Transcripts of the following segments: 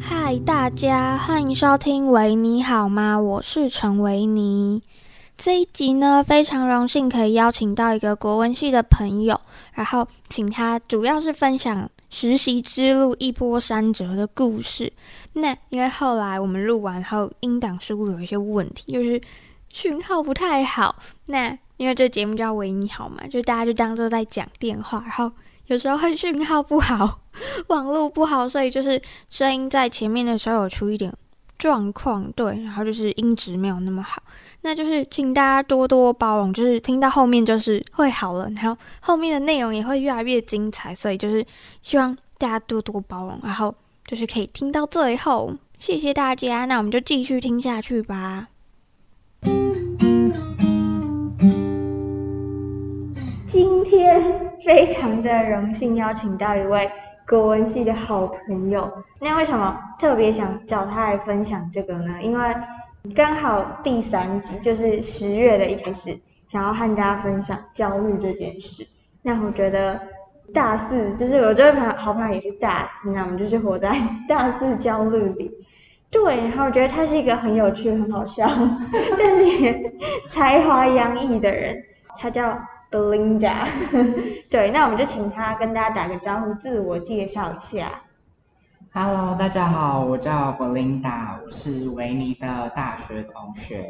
嗨，大家，歡迎收聽維尼好嗎？我是陳維尼。這一集呢，非常榮幸可以邀請到一個國文系的朋友，然後請他主要是分享。實習之路一波三折的故事。那因為後來我們錄完後，音檔似乎有一些問題，就是訊號不太好。那因為這節目叫維尼好嘛，就大家就當做在講電話，然後有時候會訊號不好，網絡不好，所以就是聲音在前面的時候有出一點。狀況。對，然後就是音質沒有那麼好，那就是請大家多多包容，就是聽到後面就是會好了，然後後面的內容也會越來越精彩，所以就是希望大家多多包容，然後就是可以聽到最後，謝謝大家，那我們就繼續聽下去吧。今天非常的榮幸邀請到一位。國文系的好朋友，那為什麼特別想找他來分享這個呢？因為剛好第三集，就是十月的一開始，想要和大家分享焦慮這件事。那我覺得大四，就是我這位朋友，好朋友也是大四，你知道嗎？就是活在大四焦慮裡。對，然後我覺得他是一個很有趣、很好笑， 但是也才華洋溢的人。他叫。Belinda， 對，那我們就請他跟大家打個招呼，自我介紹一下。Hello，大家好，我叫 Belinda，我是維尼的大學同學。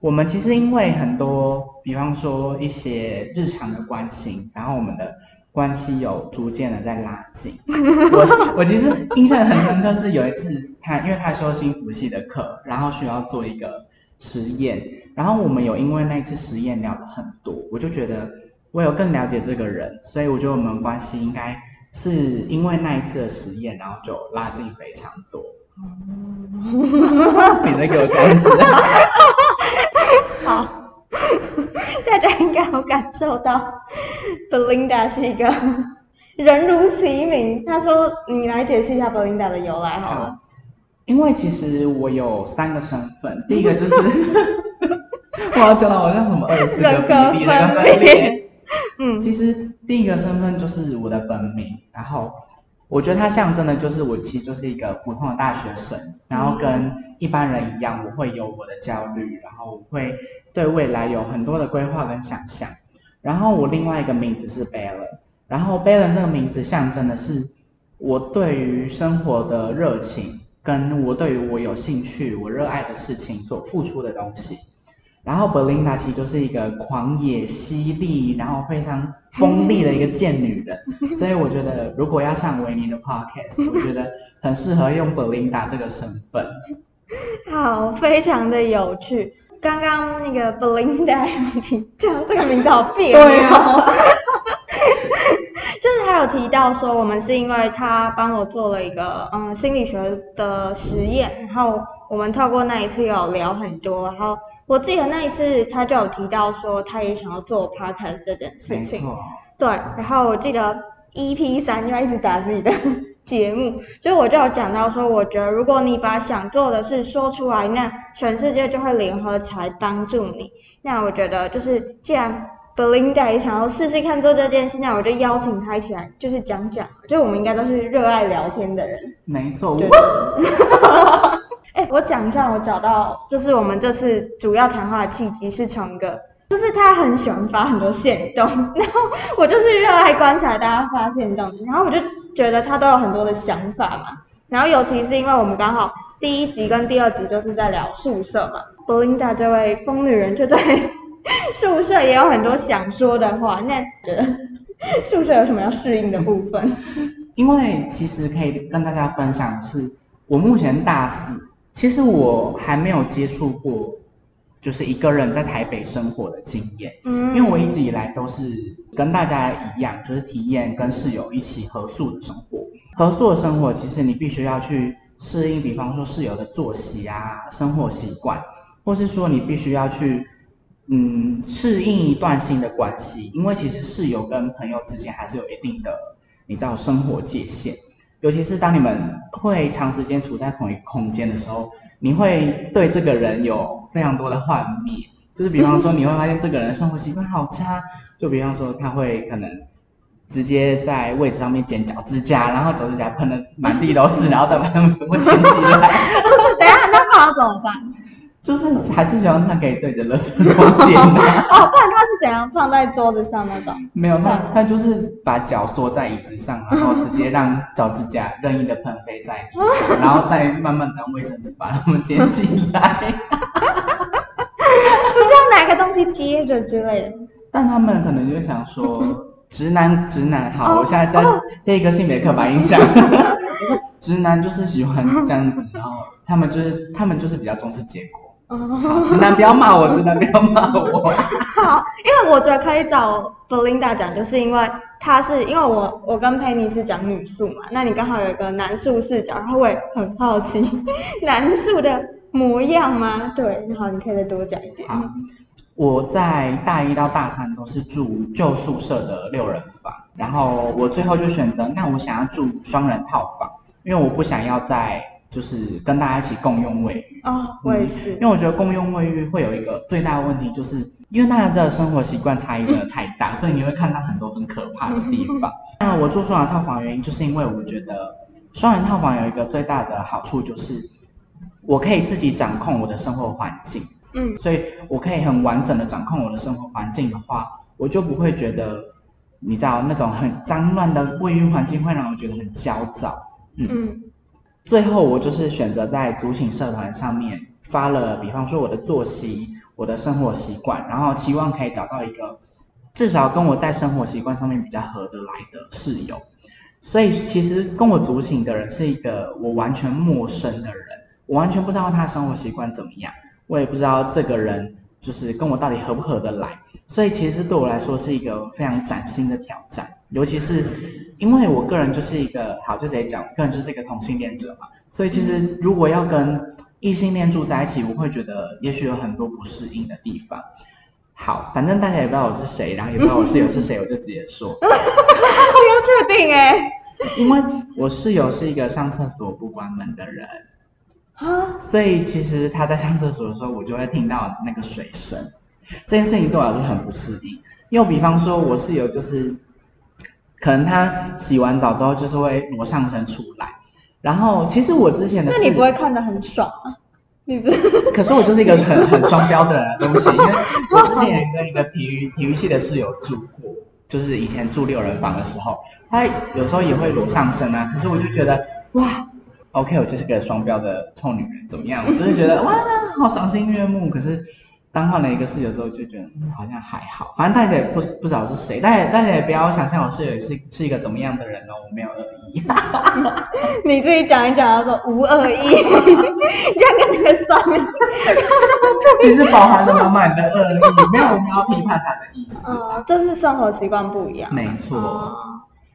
我們其實因為很多，比方說一些日常的關心，然後我們的關係有逐漸的在拉近。 我我其實印象很深刻，是有一次他 因為他修幸福系的課，然後需要做一個實驗，然後我們有因為那次實驗聊了很多，我就覺得。我有更了解這個人，所以我覺得我們關係應該是因為那一次的實驗，然後就拉近非常多。你能 給我講一次。 好，大家應該有感受到，Belinda 是一個人如其名。她說：“你來解釋一下 Belinda 的由來，好了。好”因為其實我有三個身份，第一個就是 我要講的，好像什麼二十四個嗯，其實第一個身份就是我的本名，然後我覺得它象徵的，就是我其實就是一個普通的大學生，然後跟一般人一樣，我會有我的焦慮，然後我會對未來有很多的規劃跟想象。然後我另外一個名字是 Belinda，然後 Belinda 這個名字象徵的是我對於生活的熱情，跟我對於我有興趣、我熱愛的事情所付出的東西。然後 Belinda 其實就是一個狂野、犀利，然後非常鋒利的一個賤女人，所以我覺得如果要上維尼的 Podcast，我覺得很適合用 Belinda 這個身份。好，非常的有趣。剛剛那個 Belinda 有提這樣這個名字好彆扭。 對啊、 就是他有提到說，我們是因為他幫我做了一個嗯、呃、心理學的實驗，然後我們透過那一次有聊很多，然後。我記得那一次，他就有提到說，他也想要做 podcast 這件事情。沒錯。對，然後我記得 EP 三，因為一直打自己的節目，所以我就有講到說，我覺得如果你把想做的事說出來，那全世界就會聯合起來幫助你。那我覺得，就是既然 Belinda 也想要試試看做這件事，那我就邀請他一起來，就是講講，就我們應該都是熱愛聊天的人。沒錯。哈。我講一下，我找到就是我們這次主要談話的契機是成哥，就是他很喜歡發很多限動，然後我就是熱愛觀察大家發限動，然後我就覺得他都有很多的想法嘛，然後尤其是因為我們剛好第一集跟第二集都是在聊宿舍嘛，Belinda 這位瘋女人就在宿舍也有很多想說的話，那覺得宿舍有什麼要適應的部分？因為其實可以跟大家分享的是我目前大四。其實我還沒有接觸過，就是一個人在台北生活的經驗。嗯，因為我一直以來都是跟大家一樣，就是體驗跟室友一起合宿的生活。合宿的生活，其實你必須要去適應，比方說室友的作息啊、生活習慣，或是說你必須要去嗯適應一段新的關係。因為其實室友跟朋友之間還是有一定的，你知道生活界限。尤其是當你們會長時間處在同一空間的時候，你會對這個人有非常多的幻滅。就是比方說，你會發現這個人生活習慣好差。嗯、哼就比方說，他會可能直接在位置上面剪腳指甲，然後腳指甲噴得滿地都是，嗯、哼然後再把它們全部撿起來。不是，等一下，那不好怎麼辦？ 就是還是希望他可以對着垃圾桶撿的哦，不然他是怎樣放在桌子上那種？沒有，他他就是把腳縮在椅子上，然後直接讓腳趾甲任意的噴飛在椅子上，然後再慢慢當衛生紙把它們撿起來，不知道哪個東西接着之類的。但他們可能就想說，直男直男，好，我現在在這一個性別刻板印象，直男就是喜歡這樣子，然後他們就是他們就是比較重視結果。 直男不要罵我，直男不要罵我。 好，因為我覺得可以找 Belinda 講，就是因為他是，因為我我跟佩妮是講女宿嘛，那你剛好有一個男宿視角，然後我也很好奇男宿的模樣嗎？對，好，你可以再多講一點。我在大一到大三都是住舊宿舍的六人房，然後我最後就選擇，那我想要住雙人套房，因為我不想要在。就是跟大家一起共用衛浴啊，Oh, 嗯、我也是，因為我覺得共用衛浴會有一個最大的問題，就是因為大家的生活習慣差異真的太大，嗯、所以你會看到很多很可怕的地方。那 我住雙人套房原因，就是因為我覺得雙人套房有一個最大的好處就是，我可以自己掌控我的生活環境。嗯，所以我可以很完整的掌控我的生活環境的話，我就不會覺得，你知道那種很髒亂的衛浴環境會讓我覺得很焦躁。嗯嗯。最後，我就是選擇在組寢社團上面發了，比方說我的作息、我的生活習慣，然後期望可以找到一個至少跟我在生活習慣上面比較合得來的室友。所以，其實跟我組寢的人是一個我完全陌生的人，我完全不知道他的生活習慣怎麼樣，我也不知道這個人就是跟我到底合不合得來。所以，其實對我來說是一個非常嶄新的挑戰，尤其是。因為我個人就是一個，好，就直接講，個人就是一個同性戀者嘛，所以其實如果要跟異性戀住在一起，我會覺得也許有很多不適應的地方。好，反正大家也不知道我是誰，然後也不知道我室友是誰， 我就直接說。我要確定哎？因為我室友是一個上廁所不關門的人 所以其實他在上廁所的時候，我就會聽到那個水聲，這件事情對我來說很不適應。因為比方說，我室友就是。可能他洗完澡之後就是會裸上身出來，然後其實我之前的事，那你不會看得很爽啊？你不可是我就是一個很很雙標的人的東西。 因為我之前跟一個體育體育系的室友住過，就是以前住六人房的時候，她有時候也會裸上身啊。可是我就覺得哇，OK，我就是個雙標的臭女人，怎麼樣？我真的覺得 哇，好賞心悅目。可是。當換了一個室友之後，就覺得好像還好。反正大家也不不知道是誰，大家大家也不要想象我室友是是一個怎麼樣的人哦、喔，我沒有惡意。 你自己講一講，要說無惡意，你 這樣跟那個算子， 其實飽含了滿滿的惡意， 你沒有我批判他的意思。嗯，這是生活習慣不一樣。沒錯錯。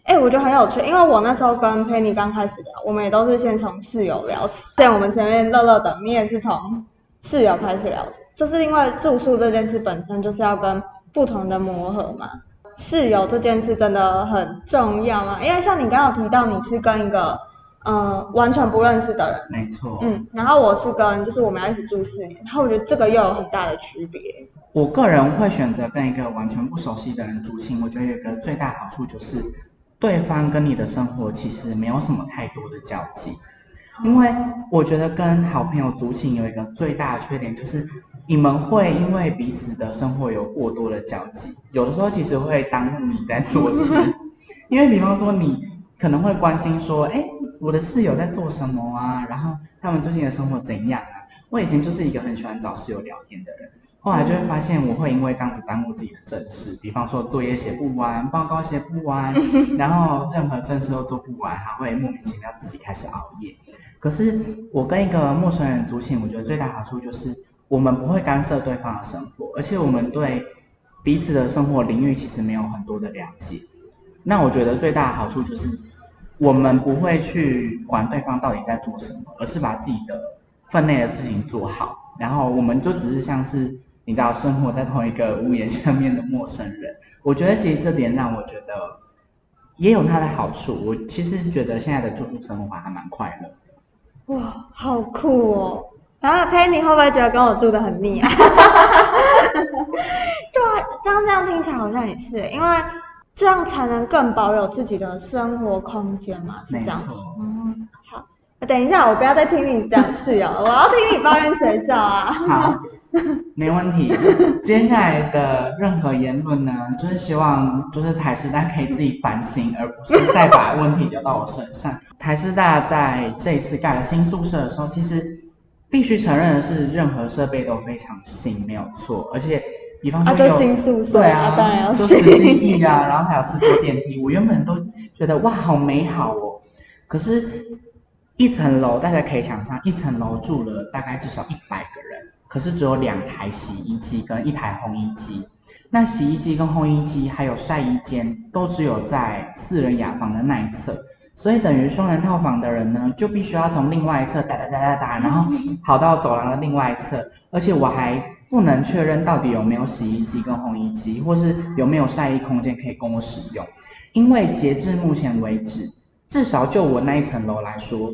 哎、嗯，欸，我覺得很有趣，因為我那時候跟 Penny 剛開始聊，我們也都是先從室友聊起。對，我們前面樂樂等，你也是從。室友開始了解，就是因為住宿這件事本身就是要跟不同的磨合嘛。室友這件事真的很重要嗎、啊？因為像你剛剛有提到，你是跟一個嗯、呃、完全不認識的人，沒錯，嗯，然後我是跟就是我們要一起住四年，然後我覺得這個又有很大的區別。我個人會選擇跟一個完全不熟悉的人住寢，我覺得有一個最大好處就是對方跟你的生活其實沒有什麼太多的交集。因為我覺得跟好朋友組寢有一個最大的缺點，就是你們會因為彼此的生活有過多的交集，有的時候其實會耽誤你在做事。因為比方說你可能會關心說，哎，我的室友在做什麼啊然後他們最近的生活怎樣啊？我以前就是一個很喜歡找室友聊天的人，後來就會發現我會因為這樣子耽誤自己的正事，比方說作業寫不完，報告寫不完，然後任何正事都做不完，還會莫名其妙自己開始熬夜。可是我跟一個陌生人組寢，我覺得最大好處就是我們不會干涉對方的生活，而且我們對彼此的生活領域其實沒有很多的了解。那我覺得最大的好處就是我們不會去管對方到底在做什麼，而是把自己的分內的事情做好。然後我們就只是像是你知道生活在同一個屋檐下面的陌生人。我覺得其實這點讓我覺得也有它的好處。我其實覺得現在的住宿生活還蠻快樂。哇，好酷哦！然後佩妮會不會覺得跟我住得很膩啊？ 對啊，這剛這樣聽起來好像也是，因為這樣才能更保有自己的生活空間嘛，是這樣子。嗯錯，好，等一下，我不要再聽你講室友， 我要聽你抱怨學校啊。沒問題、啊。接下來的任何言論呢，就是希望就是台師大可以自己反省，而不是再把問題丟到我身上。 台師大在這一次蓋了新宿舍的時候，其實必須承認的是，任何設備都非常新，沒有錯。而且，比方說有，啊，都新宿舍，啊啊，對啊，當然要新。都四啊， 然後還有四台電梯。我原本都覺得哇，好美好哦。可是，一層樓大家可以想象，一層樓住了大概至少一百個人。可是只有兩台洗衣機，跟一台烘衣機，那洗衣機跟烘衣機還有曬衣間都只有在四人雅房的那一側，所以等於雙人套房的人呢，就必須要從另外一側噠噠噠噠噠，然後跑到走廊的另外一側，而且我還不能確認到底有沒有洗衣機跟烘衣機，或是有沒有曬衣空間可以供我使用，因為截至目前為止，至少就我那一層樓來說，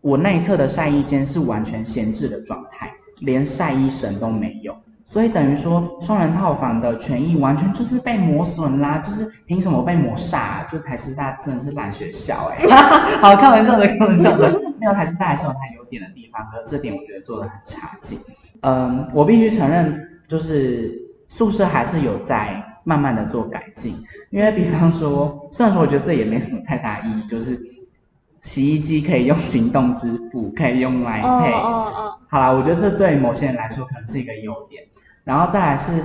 我那一側的曬衣間是完全閒置的狀態。連曬衣繩都沒有，所以等於說雙人套房的權益完全就是被磨損啦，就是憑什麼被抹煞、啊？就台師大真的是爛學校哎、欸， 好開玩笑的，開玩笑的， 沒有台師大還是有它優點的地方，可這點我覺得做的很差勁。嗯，我必須承認，就是宿舍還是有在慢慢的做改進，因為比方說，雖然說我覺得這也沒什麼太大意義，就是。洗衣機可以用行動支付，可以用來配。哦哦、oh, oh, oh, oh. 好啦，我覺得這對某些人來說可能是一個優點。然後再來是，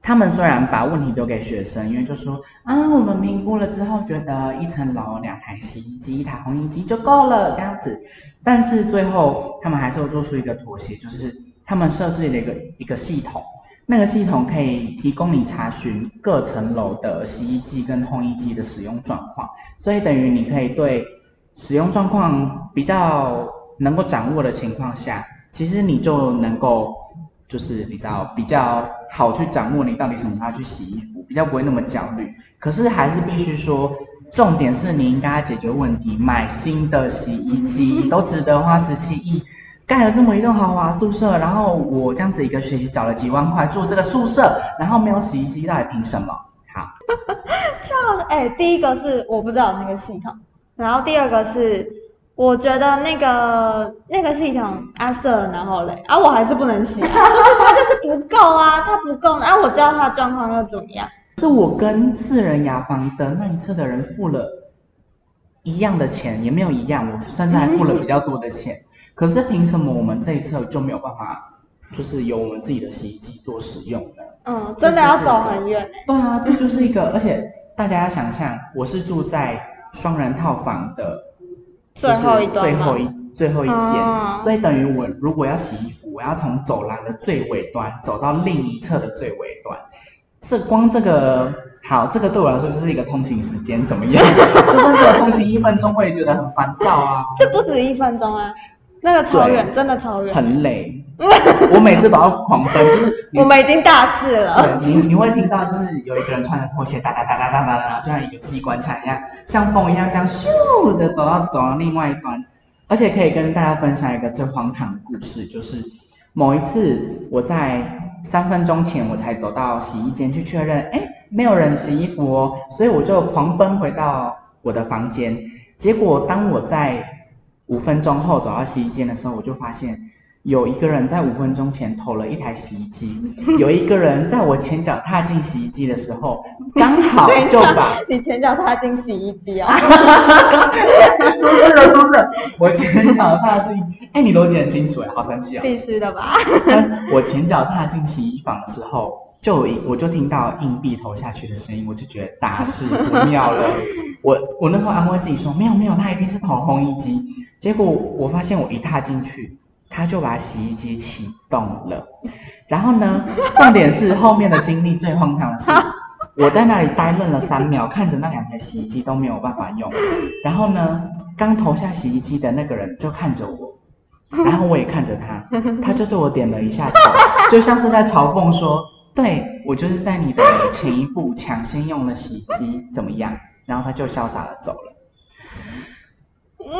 他們雖然把問題丟給學生，因為就說啊，我們評估了之後覺得一層樓兩台洗衣機、一台烘衣機就夠了這樣子，但是最後他們還是會做出一個妥協，就是他們設置了一個一個系統，那個系統可以提供你查詢各層樓的洗衣機跟烘衣機的使用狀況，所以等於你可以對。使用狀況比較能夠掌握的情況下，其實你就能夠就是比較比較好去掌握你到底什麼時候去洗衣服，比較不會那麼焦慮。可是還是必須說，重點是你應該解決問題。買新的洗衣機都值得花十七億，蓋 了這麼一棟豪華宿舍，然後我這樣子一個學期找了幾萬塊住這個宿舍，然後沒有洗衣機，到底憑什麼？好，就哎、欸，第一個是我不知道那個系統。然後第二個是，我覺得那個那個系統阿瑟，然後嘞啊我還是不能洗，就是 它就是不夠啊，它不夠。啊我知道它的狀況要怎麼樣？是我跟四人雅房的那一側的人付了一樣的錢，也沒有一樣，我甚至還付了比較多的錢。嗯、可是憑什麼我們這一側就沒有辦法，就是有我們自己的洗衣機做使用的？嗯，真的要走很遠、欸、對啊，這就是一個，而且大家要想象，我是住在。雙人套房的，就是最後一，最後一段？最後一間。所以等於我如果要洗衣服，我要從走廊的最尾端走到另一側的最尾端，是光這個好，這個對我來說就是一個通勤時間，怎麼樣？ 就算這個通勤 一分鐘，我也覺得很煩躁啊。這不止一分鐘啊，那個超遠，對真的超遠，很累。 我每次都要狂奔，就是我們已經大四了。對，你你，你會聽到，就是有一個人穿着拖鞋噠噠噠噠噠噠，然後就像一個機關槍一樣，像風一樣這樣咻的走到走到另外一端。而且可以跟大家分享一個最荒唐的故事，就是某一次我在三分鐘前我才走到洗衣間去確認，哎，沒有人洗衣服哦，所以我就狂奔回到我的房間。結果當我在五分鐘後走到洗衣間的時候，我就發現。有一個人在五分鐘前投了一台洗衣機，有一個人在我前腳踏進洗衣機的時候，剛好就把你前腳踏進洗衣機哦、啊，出事 了出事！就是、了 我前腳踏進，哎，你邏輯很清楚啊、欸，好神奇啊，必須的吧？ 我前腳踏進洗衣房的時候，就有一我就聽到硬幣投下去的聲音，我就覺得大事不妙了。 我我那時候安慰自己說，沒有沒有，他一定是投烘衣機。結果我發現，我一踏進去。他就把洗衣機啟動了，然後呢，重點是後面的經歷，最荒唐的是，我在那裡呆愣了三秒，看着那兩台洗衣機都沒有辦法用。然後呢，剛投下洗衣機的那個人就看着我，然後我也看着他，他就對我點了一下頭，就像是在嘲諷說，對，我就是在你的前一步搶先用了洗衣機，怎麼樣？然後他就瀟灑地走了。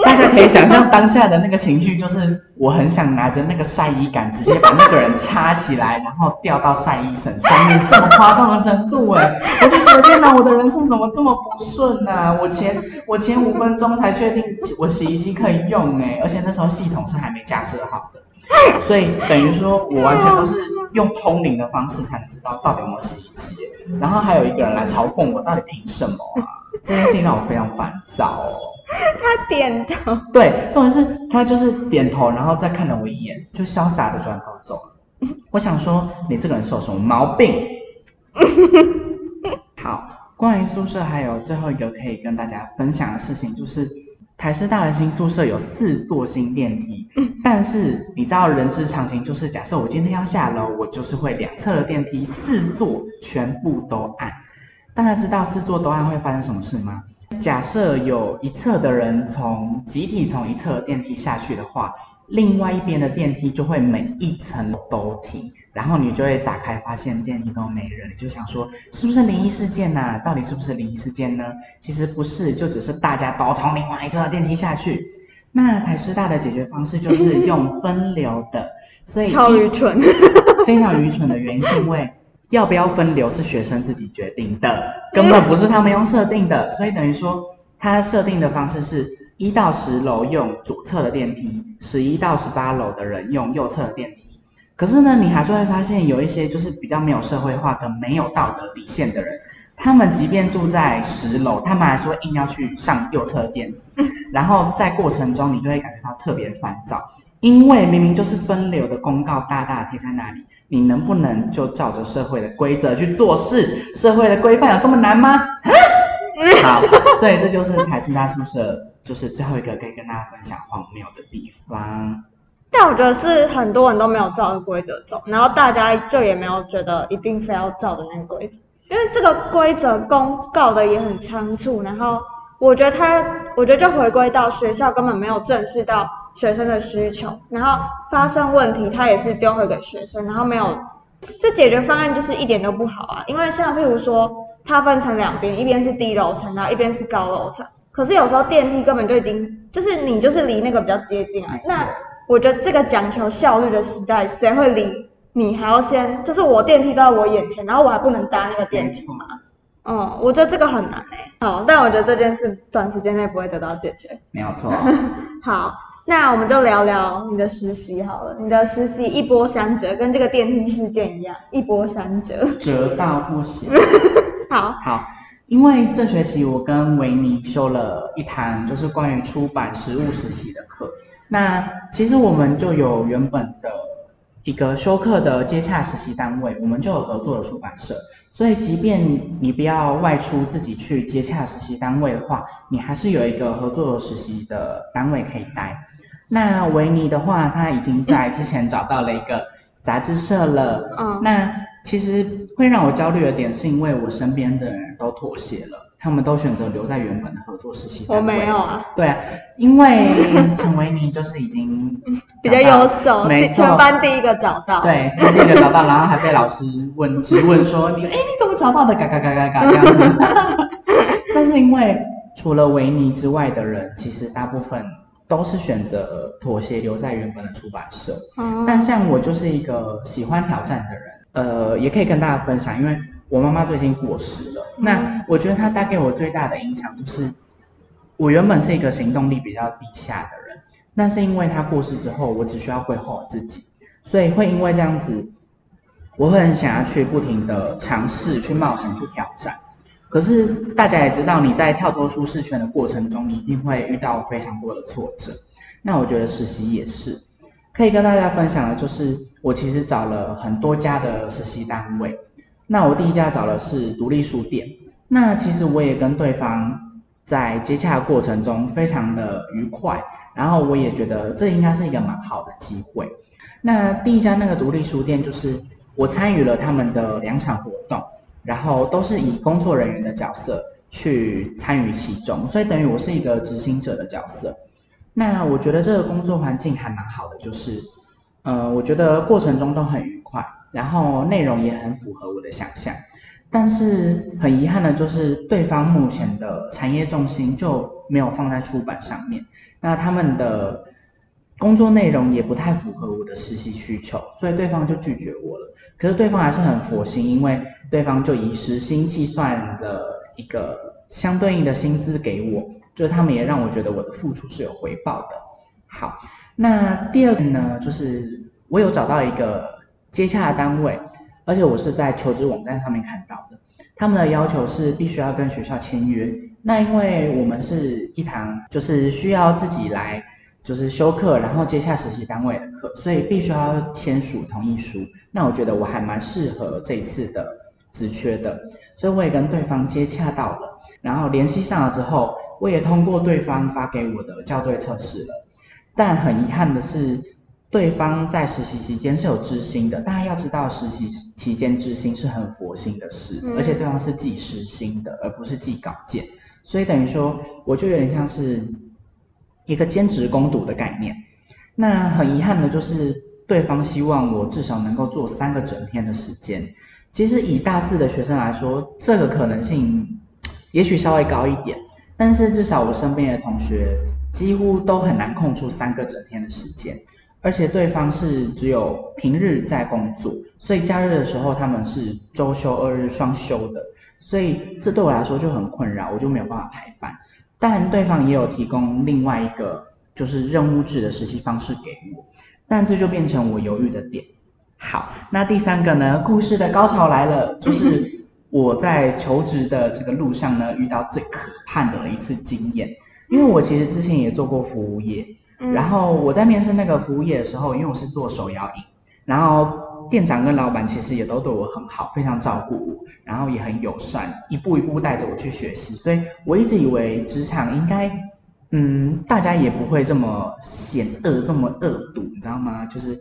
大家可以想象當下的那個情緒，就是我很想拿着那個曬衣桿，直接把那個人插起來，然後吊到曬衣繩上面，這麼誇張的程度哎、欸！我就覺得天哪，我的人生怎麼這麼不順呢、啊？我前我前五分鐘才確定我洗衣機可以用哎、欸，而且那時候系統是還沒架設好的，所以等於說我完全都是用通靈的方式才能知道到底有沒有洗衣機，然後還有一個人來嘲諷我，到底憑什麼啊？這件事情讓我非常煩躁。他點頭，對，重點是他就是點頭，然後再看了我一眼，就瀟灑的轉頭走了。我想說，你這個人是有什麼毛病？好，關於宿舍還有最後一個可以跟大家分享的事情，就是台師大的新宿舍有四座新電梯，但是你知道人之常情，就是假設我今天要下樓，我就是會兩側的電梯四座全部都按。大家知道四座都按會發生什麼事嗎？假設有一側的人從集體從一側電梯下去的話，另外一邊的電梯就會每一層都停，然後你就會打開發現電梯都沒人，你就想說是不是靈異事件啊？到底是不是靈異事件呢？其實不是，就只是大家都從另外一側電梯下去。那台師大的解決方式就是用分流的，所以超愚蠢，非常愚蠢的原因，因為。要不要分流是學生自己決定的，根本不是他們用設定的，所以等於說，他設定的方式是一到十樓用左側的電梯，十一到十八樓的人用右側的電梯。可是呢，你還是會發現有一些就是比較沒有社會化的、沒有道德底線的人，他們即便住在十樓，他們還是會硬要去上右側的電梯，然後在過程中你就會感覺到特別煩躁。因為明明就是分流的公告，大大貼在那裡，你能不能就照着社會的規則去做事？社會的規範有這麼難嗎？嗯，好，所以這就是還是在宿舍，就是最後一個可以跟大家分享荒謬的地方。但我覺得是很多人都沒有照著規則走，然後大家就也沒有覺得一定非要照的那個規則，因為這個規則公告的也很倉促，然後我覺得他，我覺得就回歸到學校根本沒有正視到學生的需求，然後發生問題，他也是丟回給學生，然後沒有這解決方案就是一點都不好啊！因為像譬如說，它分成兩邊，一邊是低樓層然後，一邊是高樓層。可是有時候電梯根本就已經就是你就是離那個比較接近啊。沒錯。那我覺得這個講求效率的時代，誰會理你還要先？就是我電梯都在我眼前，然後我還不能搭那個電梯嗎？沒錯。嗯，我覺得這個很難欸。好，但我覺得這件事短時間內不會得到解決。沒有錯錯。 好。那我們就聊聊你的實習好了。你的實習一波三折，跟這個電梯事件一樣，一波三折，折到不行。 好，好，因為這學期我跟維尼修了一堂，就是關於出版實務實習的課。嗯、那其實我們就有原本的一個修課的接洽實習單位，我們就有合作的出版社，所以即便你不要外出自己去接洽實習單位的話，你還是有一個合作實習的單位可以待。那維尼的話，他已經在之前找到了一個雜誌社了。嗯，那其實會讓我焦慮的點，是因為我身邊的人都妥協了，他們都選擇留在原本的合作實習。我沒有啊。對啊，因為陳維尼就是已經、嗯、比較優秀沒錯，全班第一個找到。對，第一個找到，然後還被老師問質問說：“你誒，你怎麼找到的？嘎嘎嘎嘎嘎，嘎。這樣” 但是因為除了維尼之外的人，其實大部分。都是選擇妥協，留在原本的出版社。嗯、但像我就是一個喜歡挑戰的人，呃，也可以跟大家分享，因為我媽媽最近過世了。嗯、那我覺得她帶給我最大的影響就是，我原本是一個行動力比較低下的人，但是因為她過世之後，我只需要規劃我自己，所以會因為這樣子，我會很想要去不停的嘗試、去冒險、去挑戰。可是大家也知道，你在跳脫舒適圈的過程中，你一定會遇到非常多的挫折。那我覺得實習也是，可以跟大家分享的，就是我其實找了很多家的實習單位。那我第一家找的是獨立書店，那其實我也跟對方在接洽的過程中非常的愉快，然後我也覺得這應該是一個蠻好的機會。那第一家那個獨立書店，就是我參與了他們的兩場活動。然後都是以工作人員的角色去參與其中，所以等於我是一個執行者的角色。那我覺得這個工作環境還蠻好的，就是，呃，我覺得過程中都很愉快，然後內容也很符合我的想象。但是很遺憾的就是，對方目前的產業重心就沒有放在出版上面，那他們的工作內容也不太符合我的實習需求，所以對方就拒絕我了。可是對方還是很佛心，因為對方就以時薪計算的一個相對應的薪資給我，就是他們也讓我覺得我的付出是有回報的。好，那第二個呢，就是我有找到一個接洽的單位，而且我是在求職網站上面看到的，他們的要求是必須要跟學校簽約。那因為我們是一堂，就是需要自己來。就是休課，然後接下實習單位的課，所以必須要簽署同意書。那我覺得我還蠻適合這一次的職缺的，所以我也跟對方接洽到了，然後聯繫上了之後，我也通過對方發給我的校對測試了。但很遺憾的是，對方在實習期間是有支薪的。大家要知道實習期間支薪是很佛心的事，嗯、而且對方是計時薪的，而不是計稿件，所以等於說，我就有點像是。一個兼職工讀的概念，那很遺憾的就是對方希望我至少能夠做三個整天的時間。其實以大四的學生來說，這個可能性也許稍微高一點，但是至少我身邊的同學幾乎都很難空出三個整天的時間。而且對方是只有平日在工作，所以假日的時候他們是週休二日雙休的，所以這對我來說就很困擾，我就沒有辦法排班。但對方也有提供另外一個就是任務制的實習方式給我，但這就變成我猶豫的點。好，那第三個呢？故事的高潮來了，就是我在求職的這個路上呢，遇到最可怕的一次經驗。因為我其實之前也做過服務業，然後我在面試那個服務業的時候，因為我是做手搖飲，然後。店長跟老板其實也都對我很好，非常照顧我，然後也很友善，一步一步帶着我去學習。所以我一直以為職場應該，嗯，大家也不會這麼險惡、這麼惡毒，你知道嗎？就是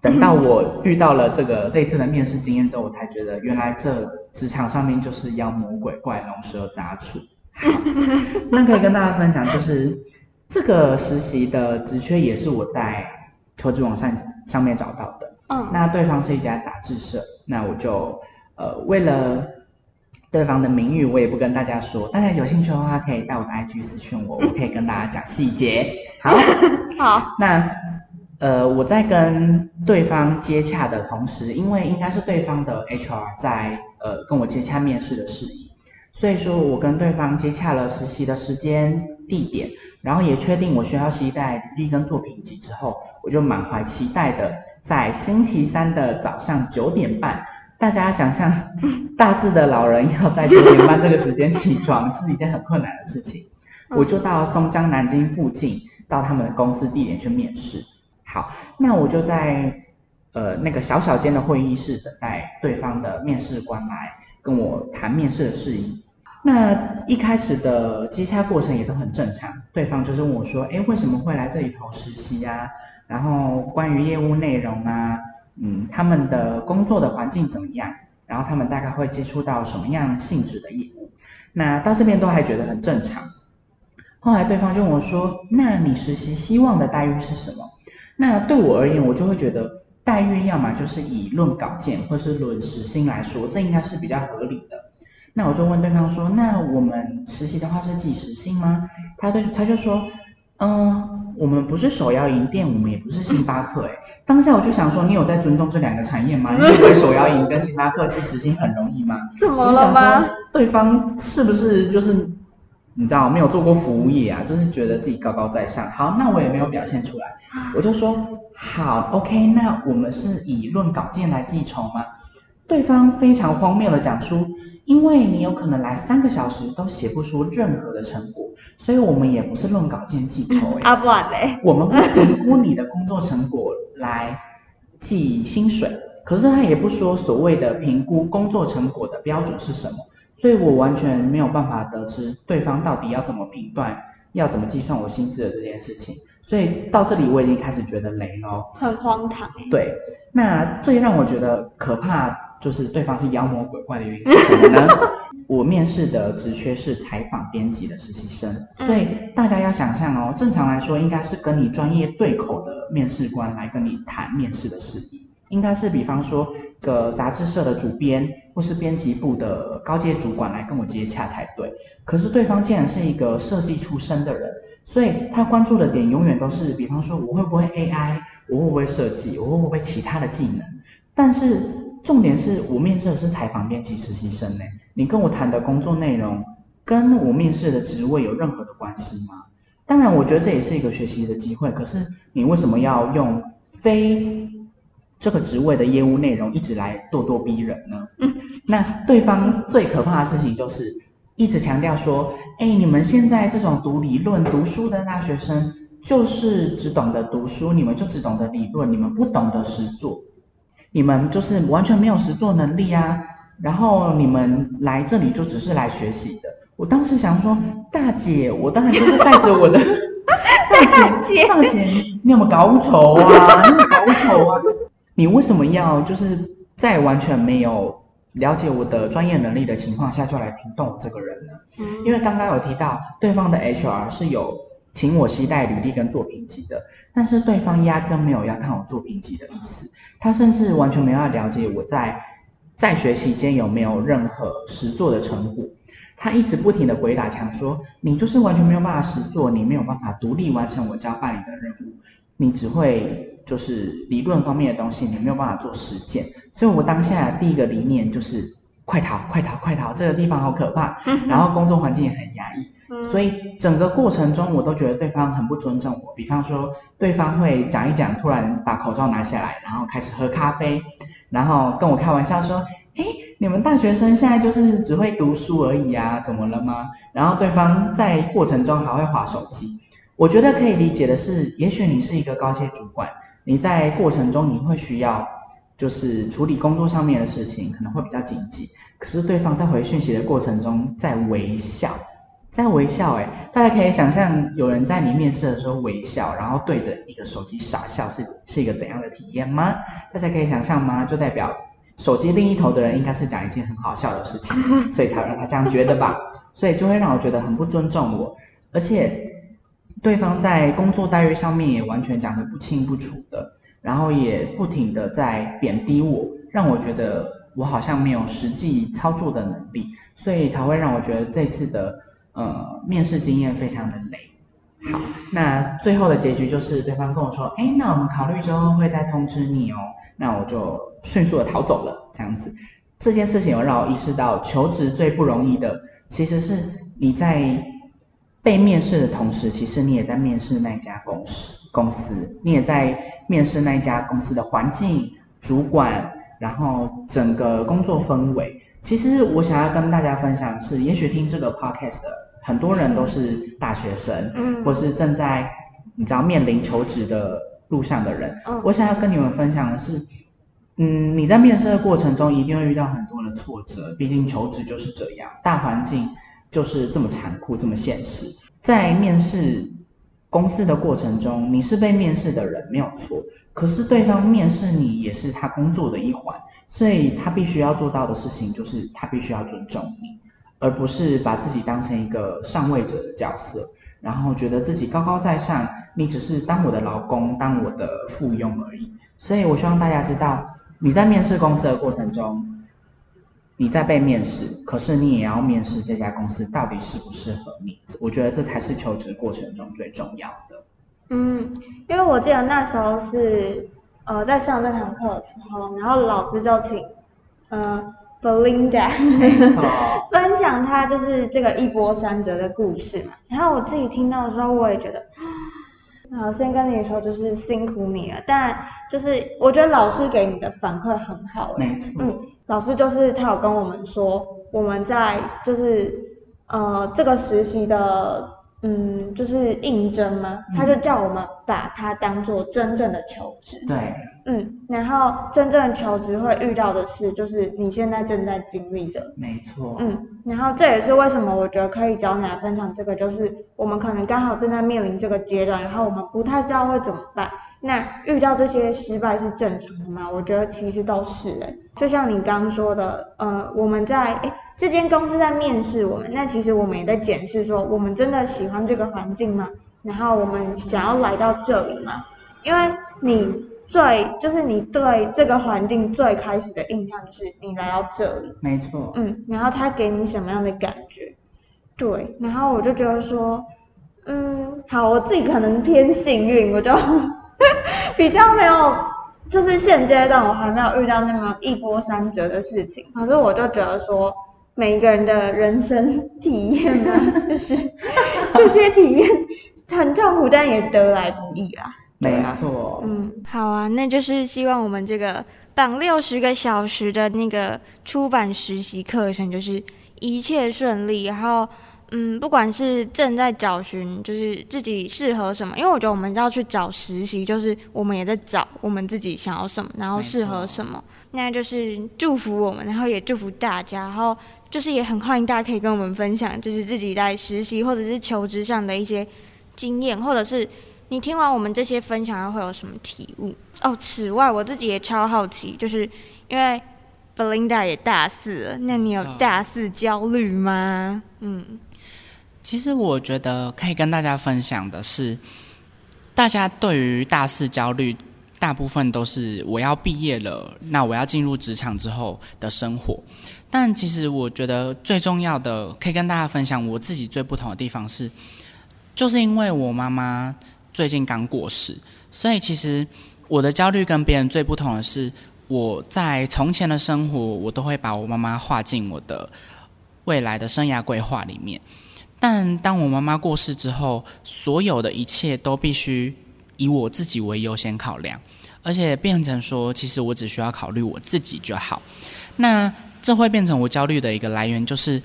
等到我遇到了這個、嗯、這次的面試經驗之後，我才覺得原來這職場上面就是妖魔鬼怪、龍蛇雜處。 那可以跟大家分享，就是這個實習的職缺也是我在求職網站上面找到的。 那對方是一家雜誌社，那我就呃為了對方的名譽，我也不跟大家說。大家有興趣的話，可以在我的 IG 私訊我，嗯、我可以跟大家講細節。好， 好，那呃我在跟對方接洽的同時，因為應該是對方的 HR 在呃跟我接洽面試的事宜，所以說，我跟對方接洽了實習的時間、地點。然後也確定我需要是一代立根作品集之後，我就滿懷期待的在星期三的早上九點半，大家想象大四的老人要在九點半這個時間起床是一件很困難的事情，我就到松江南京附近到他們的公司地點去面試。好，那我就在呃那個小小間的會議室等待對方的面試官來跟我談面試的事宜。那一開始的接洽過程也都很正常，對方就是問我說：“哎，為什麼會來這裡投實習呀、啊？”然後關於業務內容啊，嗯，他們的工作的環境怎麼樣？然後他們大概會接觸到什麼樣性質的業務？那到這邊都還覺得很正常。後來對方就問我說：“那你實習希望的待遇是什麼？”那對我而言，我就會覺得待遇要麼就是以論稿件或是論時薪來說，這應該是比較合理的。那我就問對方說：“那我們實習的話是計時薪嗎？”他對他就說：“嗯、呃，我們不是手搖飲店，我們也不是星巴克。”哎，當下我就想說：“你有在尊重這兩個產業嗎？因為手搖飲跟星巴克計時薪很容易嗎？”怎麼了嗎？對方是不是就是你知道沒有做過服務業啊？就是覺得自己高高在上。好，那我也沒有表現出來，我就說：“好，OK，那我們是以論稿件來計酬嗎？”對方非常荒謬的講出。因為你有可能來三個小時都寫不出任何的成果，所以我們也不是論稿件、嗯啊、計酬哎，我們評估你的工作成果來記薪水， 可是他也不說所謂的評估工作成果的標準是什麼，所以我完全沒有辦法得知對方到底要怎麼評斷，要怎麼計算我薪資的這件事情。所以到這裡我已經開始覺得雷嘍、哦，很荒唐、欸。對，那最讓我覺得可怕，就是對方是妖魔鬼怪的原因是什麼呢？ 我面試的職缺是採訪編輯的實習生，所以大家要想象哦，正常來說應該是跟你專業對口的面試官來跟你談面試的事宜，應該是比方說一個雜誌社的主編或是編輯部的高階主管來跟我接洽才對。可是對方竟然是一個設計出身的人。所以他關注的點永遠都是，比方說我會不會 AI，我會不會設計，我會不會其他的技能。但是重點是我面試的是採訪編輯實習生呢、欸，你跟我談的工作內容跟我面試的職位有任何的關係嗎？當然，我覺得這也是一個學習的機會。可是你為什麼要用非這個職位的業務內容一直來咄咄逼人呢？那對方最可怕的事情就是。一直強調說：“哎，你們現在這種讀理論、讀書的大學生，就是只懂得讀書，你們就只懂得理論，你們不懂得實做，你們就是完全沒有實作能力啊！然後你們來這裡就只是來學習的。”我當時想說：“大姐，我當然就是帶着我的。” 大姐，大姐， 大姐，你有沒有搞錯啊？你搞錯啊？你為什麼要就是再完全沒有了解我的專業能力的情況下，就來評斷我這個人了。嗯，因為剛剛有提到，對方的 HR 是有請我攜帶履歷跟作品集的，但是對方壓根沒有要看我作品集的意思，他甚至完全沒有要了解我在在學期間有沒有任何實作的成果，他一直不停的鬼打牆說，你就是完全沒有辦法實作，你沒有辦法獨立完成我交辦理的任務，你只會。就是理論方面的東西，你沒有辦法做實踐，所以，我當下第一個理念就是快逃，快逃，快逃！這個地方好可怕，嗯、哼然後工作環境也很壓抑，所以整個過程中我都覺得對方很不尊重我。比方說，對方會講一講，突然把口罩拿下來，然後開始喝咖啡，然後跟我開玩笑說：“哎，你們大學生現在就是只會讀書而已啊，怎麼了嗎？”然後對方在過程中還會滑手機。我覺得可以理解的是，也許你是一個高階主管。你在過程中你會需要，就是處理工作上面的事情，可能會比較緊急。可是對方在回訊息的過程中，在微笑，在微笑，欸，誒，大家可以想象有人在你面試的時候微笑，然後對着一個手機傻笑是，是是一個怎樣的體驗嗎？大家可以想象嗎？就代表手機另一頭的人應該是講一件很好笑的事情，所以才讓他這樣覺得吧。所以就會讓我覺得很不尊重我，而且。對方在工作待遇上面也完全講得不清不楚的，然後也不停的在貶低我，讓我覺得我好像沒有實際操作的能力，所以才會讓我覺得這次的呃面試經驗非常的累。好，那最後的結局就是對方跟我說：“哎，那我們考慮之後會再通知你哦。”那我就迅速的逃走了，這樣子。這件事情有讓我意識到，求職最不容易的其實是你在。被面試的同時，其實你也在面試那一家公司，公司你也在面試那一家公司的環境、主管，然後整個工作氛圍。其實我想要跟大家分享的是，也許聽這個 podcast 的很多人都是大學生，嗯，或是正在你知道面臨求職的路上的人。嗯，我想要跟你們分享的是，嗯，你在面試的過程中一定會遇到很多的挫折，畢竟求職就是這樣，大環境。就是這麼殘酷，這麼現實。在面試公司的過程中，你是被面試的人，沒有錯。可是對方面試你，也是他工作的一環，所以他必須要做到的事情就是他必須要尊重你，而不是把自己當成一個上位者的角色，然後覺得自己高高在上，你只是當我的勞工，當我的附庸而已。所以我希望大家知道，你在面試公司的過程中，你在被面試，可是你也要面試這家公司，到底適不適合你？我覺得這才是求職過程中最重要的。嗯，因為我記得那時候是呃在上這堂課的時候，然後老師就請嗯、呃、Belinda 沒錯 分享他就是這個一波三折的故事嘛。然後我自己聽到的時候，我也覺得，啊、嗯，先跟你說就是辛苦你了，但就是我覺得老師給你的反饋很好、欸，沒錯嗯。老師就是他有跟我們說，我們在就是呃這個實習的嗯就是應徵嘛，嗯、他就叫我們把它當做真正的求職。對。嗯，然後真正的求職會遇到的事，就是你現在正在經歷的。沒錯錯。嗯，然後這也是為什麼我覺得可以找你來分享這個，就是我們可能剛好正在面臨這個階段，然後我們不太知道會怎麼辦。那遇到這些失敗是正常的嗎？我覺得其實都是誒，就像你剛說的，呃，我們在誒，這間公司在面試我們，那其實我們也在檢視說，我們真的喜歡這個環境嗎？然後我們想要來到這裡嗎？因為你最就是你對這個環境最開始的印象就是你來到這裡，沒錯，嗯，然後他給你什麼樣的感覺？對，然後我就覺得說，嗯，好，我自己可能偏幸運，我就。 比較沒有，就是現階段我還沒有遇到那麼一波三折的事情，可是我就覺得說，每一個人的人生體驗呢、啊，就是 好這些體驗很痛苦，但也得來不易啦、啊。啊、沒錯錯，嗯，好啊，那就是希望我們這個等六十個小時的那個出版實習課程，就是一切順利，然後。嗯，不管是正在找尋，就是自己適合什麼，因為我覺得我們要去找實習，就是我們也在找我們自己想要什麼，然後適合什麼。沒錯。那就是祝福我們，然後也祝福大家，然後就是也很歡迎大家可以跟我們分享，就是自己在實習或者是求職上的一些經驗，或者是你聽完我們這些分享後會有什麼體悟哦。此外，我自己也超好奇，就是因為 Belinda 也大四了，那你有大四焦慮嗎？沒錯。嗯。其實我覺得可以跟大家分享的是，大家對於大四焦慮，大部分都是我要畢業了，那我要進入職場之後的生活。但其實我覺得最重要的，可以跟大家分享我自己最不同的地方是，就是因為我媽媽最近剛過世，所以其實我的焦慮跟別人最不同的是，我在從前的生活，我都會把我媽媽劃進我的未來的生涯規劃裡面。但當我媽媽過世之後，所有的一切都必須以我自己為優先考量，而且變成說，其實我只需要考慮我自己就好。那這會變成我焦慮的一個來源，就是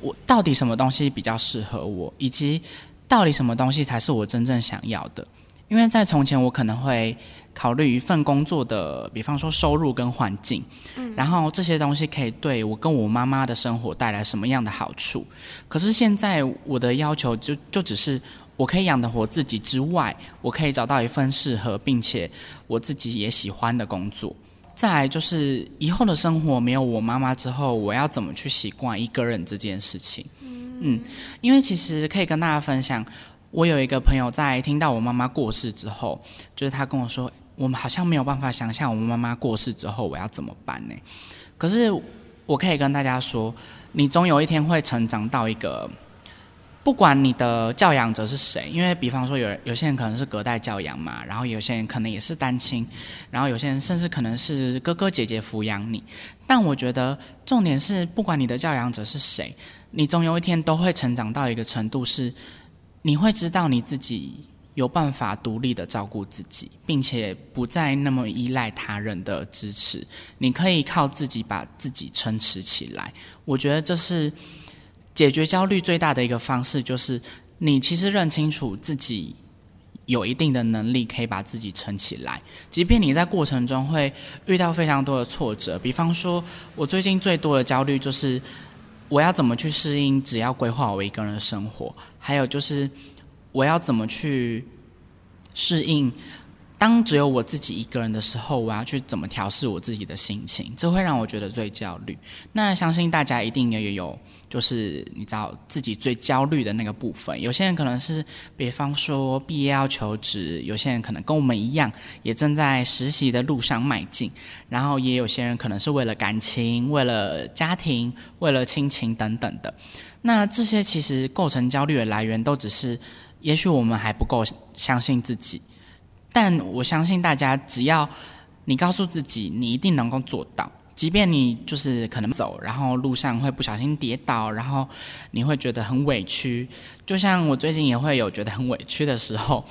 我到底什麼東西比較適合我，以及到底什麼東西才是我真正想要的。因為在從前我可能會，考慮一份工作的，比方說收入跟環境，嗯，然後這些東西可以對我跟我媽媽的生活帶來什麼樣的好處？可是現在我的要求就就只是我可以養得活自己之外，我可以找到一份適合並且我自己也喜歡的工作。再來就是以後的生活沒有我媽媽之後，我要怎麼去習慣一個人這件事情？嗯嗯，因為其實可以跟大家分享，我有一個朋友在聽到我媽媽過世之後，就是他跟我說。我們好像沒有辦法想象，我們媽媽過世之後我要怎麼辦呢？可是我可以跟大家說，你總有一天會成長到一個，不管你的教養者是誰，因為比方說有有些人可能是隔代教養嘛，然後有些人可能也是單親，然後有些人甚至可能是哥哥姐姐撫養你。但我覺得重點是，不管你的教養者是誰，你總有一天都會成長到一個程度，是你會知道你自己。有辦法獨立的照顧自己，並且不再那麼依賴他人的支持，你可以靠自己把自己撐持起來。我覺得這是解決焦慮最大的一個方式，就是你其實認清楚自己有一定的能力可以把自己撐起來，即便你在過程中會遇到非常多的挫折。比方說，我最近最多的焦慮就是我要怎麼去適應，只要規劃我一個人的生活，還有就是。我要怎麼去適應，當只有我自己一個人的時候，我要去怎麼調試我自己的心情？這會讓我覺得最焦慮。那相信大家一定也有，就是你知道自己最焦慮的那個部分。有些人可能是，比方說畢業要求職；有些人可能跟我們一樣，也正在實習的路上邁進。然後也有些人可能是為了感情、為了家庭、為了親情等等的。那這些其實構成焦慮的來源，都只是。也許我們還不夠相信自己，但我相信大家，只要你告訴自己，你一定能夠做到。即便你就是可能走，然後路上會不小心跌倒，然後你會覺得很委屈。就像我最近也會有覺得很委屈的時候，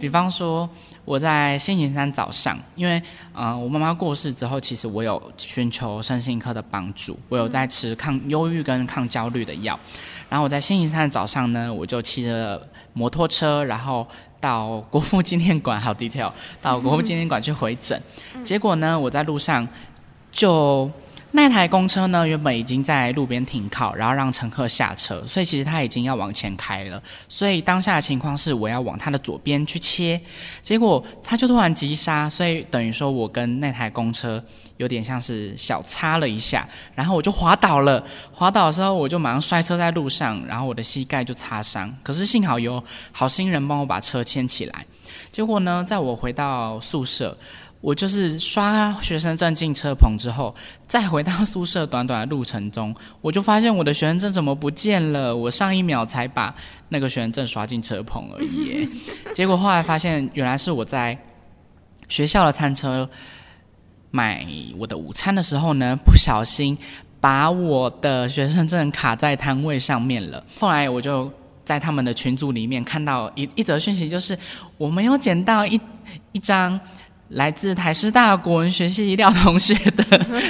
比方說我在星期三早上，因為呃我媽媽過世之後，其實我有尋求身心科的幫助，我有在吃抗憂鬱跟抗焦慮的藥。然後我在星期三的早上呢，我就騎着摩托車，然後到國父紀念館，好 detail，到國父紀念館去回診，嗯、哼結果呢，我在路上就。那台公車呢？原本已經在路邊停靠，然後讓乘客下車，所以其實它已經要往前開了。所以當下的情況是，我要往它的左邊去切，結果他就突然急剎，所以等於說我跟那台公車有點像是小擦了一下，然後我就滑倒了。滑倒的時候，我就馬上摔車在路上，然後我的膝蓋就擦傷。可是幸好有好心人幫我把車牽起來。結果呢，在我回到宿舍。我就是刷學生證進車棚之後，再回到宿舍，短短的路程中，我就發現我的學生證怎麼不見了？我上一秒才把那個學生證刷進車棚而已， 結果後來發現原來是我在學校的餐車買我的午餐的時候呢，不小心把我的學生證卡在攤位上面了。後來我就在他們的群組裡面看到一一則訊息，就是我沒有撿到一一張。來自台師大國文學系廖同學的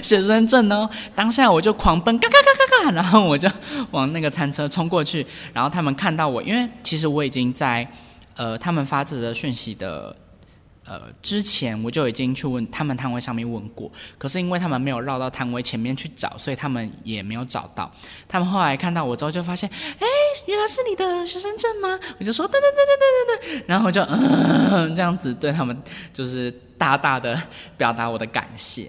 學生證哦，當下我就狂奔，嘎嘎嘎嘎嘎，然後我就往那個餐車衝過去，然後他們看到我，因為其實我已經在，呃，他們發自的訊息的。呃，之前我就已經去問他們攤位上面問過，可是因為他們沒有繞到攤位前面去找，所以他們也沒有找到。他們後來看到我之後，就發現，哎，原來是你的學生證嗎？我就說，對對對對對對對，然後我就嗯、嗯、嗯、嗯，這樣子對，他們就是大大的表達我的感謝。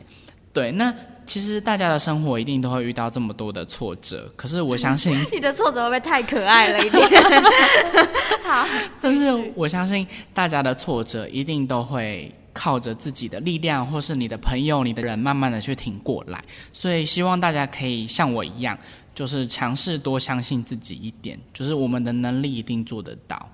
對，那。其實大家的生活一定都會遇到這麼多的挫折，可是我相信、嗯、你的挫折會不會太可愛了一點？ 好，就是我相信大家的挫折一定都會靠着自己的力量，或是你的朋友、你的人，慢慢的去挺過來。所以希望大家可以像我一樣，就是嘗試多相信自己一點，就是我們的能力一定做得到。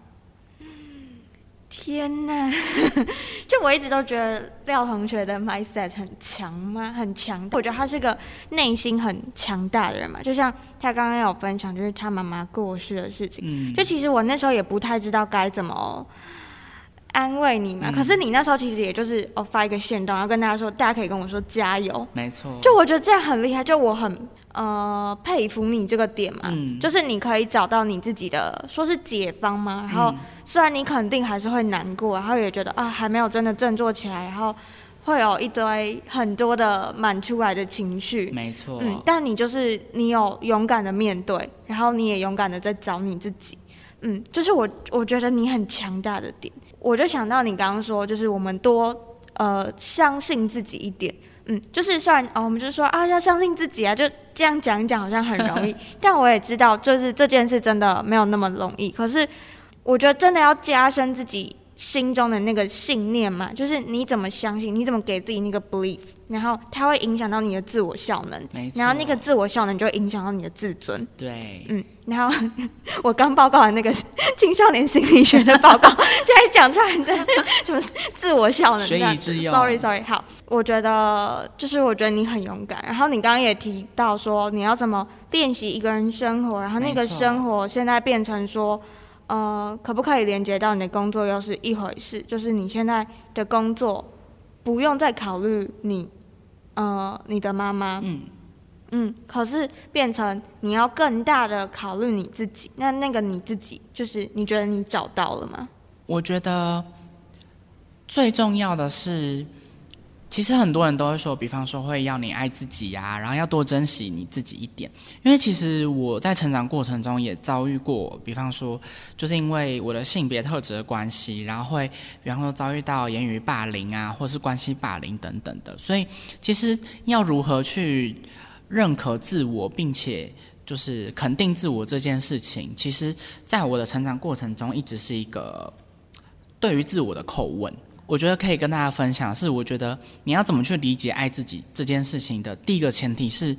天吶， 就我一直都覺得廖同學的 mindset 很強嗎？很強。我覺得他是個內心很強大的人嘛，就像他剛剛有分享，就是他媽媽過世的事情。嗯，就其實我那時候也不太知道該怎麼安慰你嘛，可是你那時候其實也就是哦發一個限動，然後跟大家說，大家可以跟我說加油，沒錯。就我覺得這樣很厲害，就我很。呃，佩服你這個點嘛，嗯、就是你可以找到你自己的，說是解方嘛。嗯、然後雖然你肯定還是會難過，然後也覺得啊，還沒有真的振作起來，然後會有一堆很多的滿出來的情緒，沒錯。嗯，但你就是你有勇敢的面對，然後你也勇敢的在找你自己，嗯，就是我我覺得你很強大的點，我就想到你剛剛說，就是我們多呃相信自己一點。嗯，就是雖然哦，我們就是說啊，要相信自己啊，就這樣講講好像很容易， 但我也知道，就是這件事真的沒有那麼容易。可是，我覺得真的要加深自己心中的那個信念嘛，就是你怎麼相信，你怎麼給自己那個 belief。然後它會影響到你的自我效能，沒錯，然後那個自我效能就會影響到你的自尊。對，嗯，然後呵呵我剛報告的那個青少年心理學的報告， 就還講出來的，的 什麼自我效能這樣？學以致用。Sorry，Sorry sorry。好，我覺得就是我覺得你很勇敢。然後你剛剛也提到說你要怎麼練習一個人生活，然後那個生活現在變成說，沒錯。呃，可不可以連接到你的工作又是一回事，就是你現在的工作不用再考慮你。呃，你的媽媽，嗯，嗯，可是變成你要更大的考慮你自己，那那個你自己，就是你覺得你找到了嗎？我覺得最重要的是。其實很多人都會說，比方說會要你愛自己呀、啊，然後要多珍惜你自己一點。因為其實我在成長過程中也遭遇過，比方說就是因為我的性別特質的關係，然後會比方說遭遇到言語霸凌啊，或是關係霸凌等等的。所以其實要如何去認可自我，並且就是肯定自我這件事情，其實在我的成長過程中一直是一個對於自我的叩問。我覺得可以跟大家分享，是我覺得你要怎麼去理解愛自己這件事情的第一個前提是，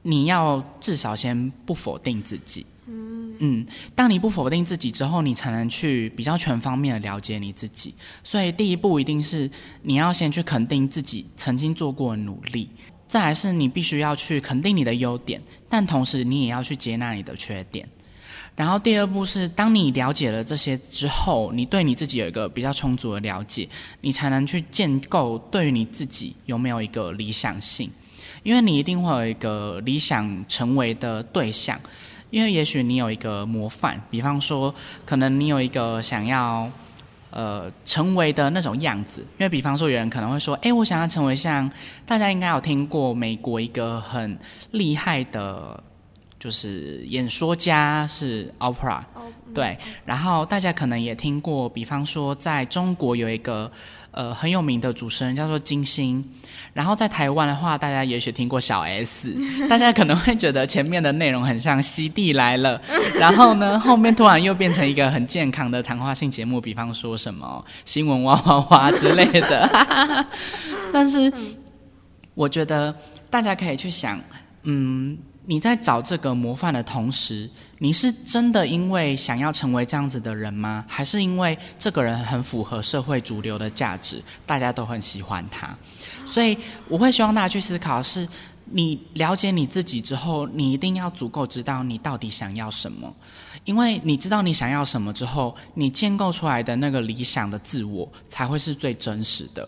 你要至少先不否定自己。嗯，當你不否定自己之後，你才能去比較全方面的了解你自己。所以第一步一定是你要先去肯定自己曾經做過的努力，再來是你必須要去肯定你的優點，但同時你也要去接納你的缺點。然後第二步是，當你了解了這些之後，你對你自己有一個比較充足的了解，你才能去建構對於你自己有沒有一個理想性，因為你一定會有一個理想成為的對象，因為也許你有一個模範，比方說，可能你有一個想要，呃，成為的那種樣子，因為比方說有人可能會說，誒，我想要成為像大家應該有聽過美國一個很厲害的。就是演說家是 Opera，oh, 對，okay. 然後大家可能也聽過，比方說在中國有一個呃很有名的主持人叫做金星，然後在台灣的話，大家也許聽過小 S，S, 大家可能會覺得前面的內容很像熙娣來了，然後呢，後面突然又變成一個很健康的談話性節目，比方說什麼新聞挖挖哇之類的， 但是、嗯、我覺得大家可以去想，嗯。你在找這個模範的同時，你是真的因為想要成為這樣子的人嗎？還是因為這個人很符合社會主流的價值，大家都很喜歡他？所以我會希望大家去思考是，你了解你自己之後，你一定要足夠知道你到底想要什麼。因為你知道你想要什麼之後，你建構出來的那個理想的自我才會是最真實的，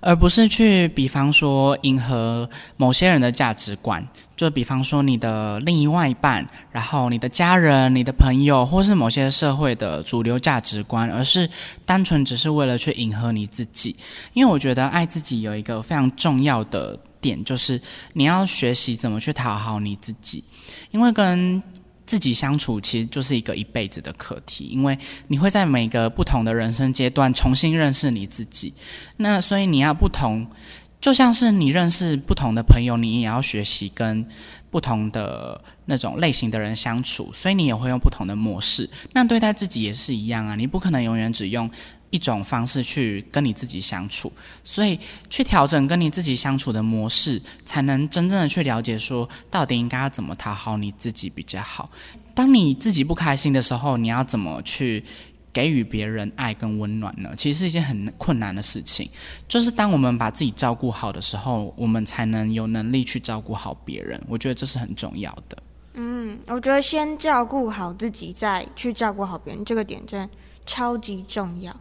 而不是去比方說迎合某些人的價值觀，就比方說你的另一外一半，然後你的家人、你的朋友，或是某些社會的主流價值觀，而是單純只是為了去迎合你自己。因為我覺得愛自己有一個非常重要的點，就是你要學習怎麼去討好你自己，因為跟。自己相處其實就是一個一輩子的課題，因為你會在每個不同的人生階段重新認識你自己。那所以你要不同，就像是你認識不同的朋友，你也要學習跟不同的那種類型的人相處，所以你也會用不同的模式。那對待自己也是一樣啊，你不可能永遠只用。一種方式去跟你自己相處，所以去調整跟你自己相處的模式，才能真正的去了解說到底應該要怎麼討好你自己比較好。當你自己不開心的時候，你要怎麼去給予別人愛跟溫暖呢？其實是一件很困難的事情。就是當我們把自己照顧好的時候，我們才能有能力去照顧好別人。我覺得這是很重要的。嗯，我覺得先照顧好自己，再去照顧好別人，這個點真的超級重要。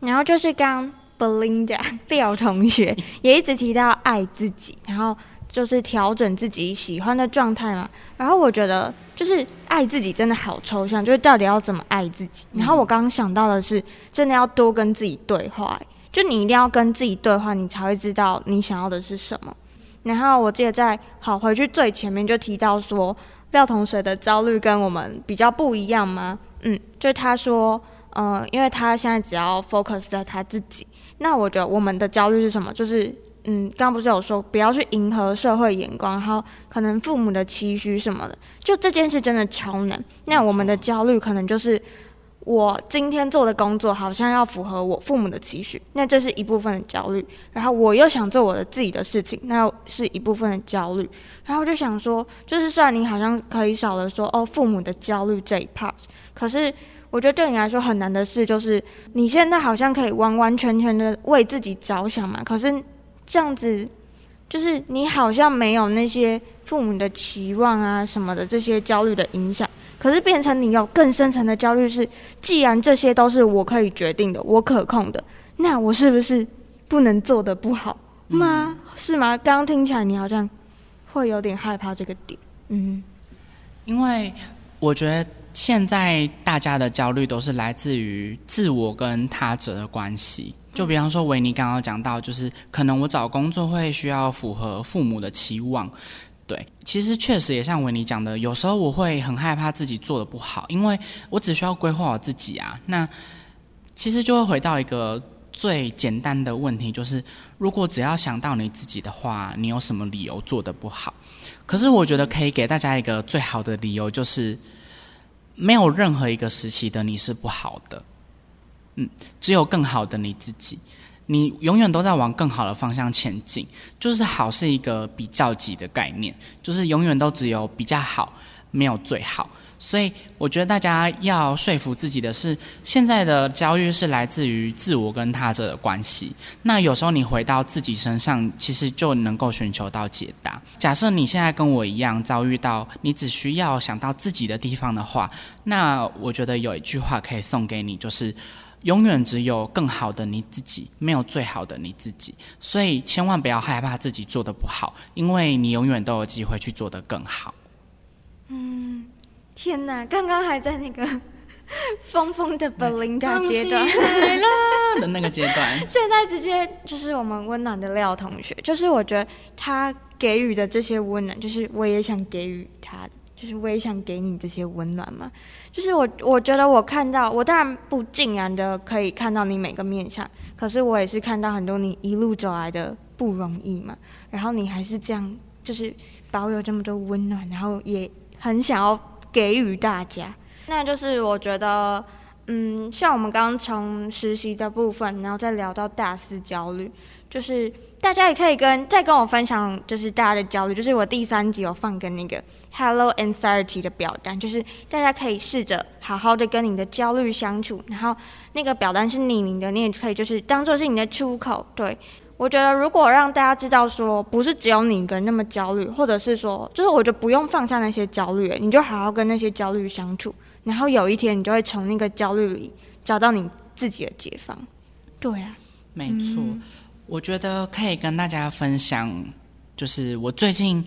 然後就是剛 Belinda 廖同學也一直提到愛自己，然後就是調整自己喜歡的狀態嘛。然後我覺得就是愛自己真的好抽象，就是到底要怎麼愛自己？然後我剛剛想到的是，真的要多跟自己對話、欸，就你一定要跟自己對話，你才會知道你想要的是什麼。然後我記得在好回去最前面就提到說，廖同學的焦慮跟我們比較不一樣嗎？嗯，就是他說。嗯，因為他現在只要 focus 在他自己，那我覺得我們的焦慮是什麼？就是，嗯，剛剛不是有說不要去迎合社會眼光，然後可能父母的期許什麼的，就這件事真的超難。那我們的焦慮可能就是，我今天做的工作好像要符合我父母的期許，那這是一部分的焦慮。然後我又想做我的自己的事情，那是一部分的焦慮。然後我就想說，就是雖然你好像可以少了說，哦，父母的焦慮這一 part，可是。我覺得對你來說很難的事，就是你現在好像可以完完全全的為自己着想嘛。可是這樣子，就是你好像沒有那些父母的期望啊什麼的這些焦慮的影響。可是變成你有更深層的焦慮是，既然這些都是我可以決定的，我可控的，那我是不是不能做得不好嗎？嗯、是嗎？剛剛聽起來你好像會有點害怕這個點。嗯，因為我覺得。現在大家的焦慮都是來自於自我跟他者的關係，就比方說維尼剛剛講到，就是可能我找工作會需要符合父母的期望，對，其實確實也像維尼講的，有時候我會很害怕自己做得不好，因為我只需要規劃好自己啊。那其實就會回到一個最簡單的問題，就是如果只要想到你自己的話，你有什麼理由做得不好？可是我覺得可以給大家一個最好的理由，就是。沒有任何一個時期的你是不好的，嗯，只有更好的你自己，你永遠都在往更好的方向前進。就是好是一個比較級的概念，就是永遠都只有比較好，沒有最好。所以，我覺得大家要說服自己的是，現在的焦慮是來自於自我跟他者的關係。那有時候你回到自己身上，其實就能夠尋求到解答。假設你現在跟我一樣遭遇到，你只需要想到自己的地方的話，那我覺得有一句話可以送給你，就是：永遠只有更好的你自己，沒有最好的你自己。所以，千萬不要害怕自己做得不好，因為你永遠都有機會去做得更好。嗯。天吶，剛剛還在那個瘋瘋的 Belinda 階段，來了 的那個階段， 現在直接就是我們溫暖的廖同學，就是我覺得他給予的這些溫暖，就是我也想給予他的，就是我也想給你這些溫暖嘛，就是我我覺得我看到，我當然不盡然的可以看到你每個面相，可是我也是看到很多你一路走來的不容易嘛，然後你還是這樣，就是保有這麼多溫暖，然後也很想要。給予大家，那就是我覺得，嗯，像我們剛，剛從實習的部分，然後再聊到大四焦慮，就是大家也可以跟再跟我分享，就是大家的焦慮。就是我第三集有放跟那個 Hello Anxiety 的表單，就是大家可以試着好好的跟你的焦慮相處，然後那個表單是匿名的，你也可以就是當做是你的出口，對。我覺得，如果讓大家知道說，不是只有你一個人那麼焦慮，或者是說，就是我就不用放下那些焦慮了，你就好好跟那些焦慮相處，然後有一天你就會從那個焦慮裡找到你自己的解放。對啊，沒錯錯。嗯、我覺得可以跟大家分享，就是我最近。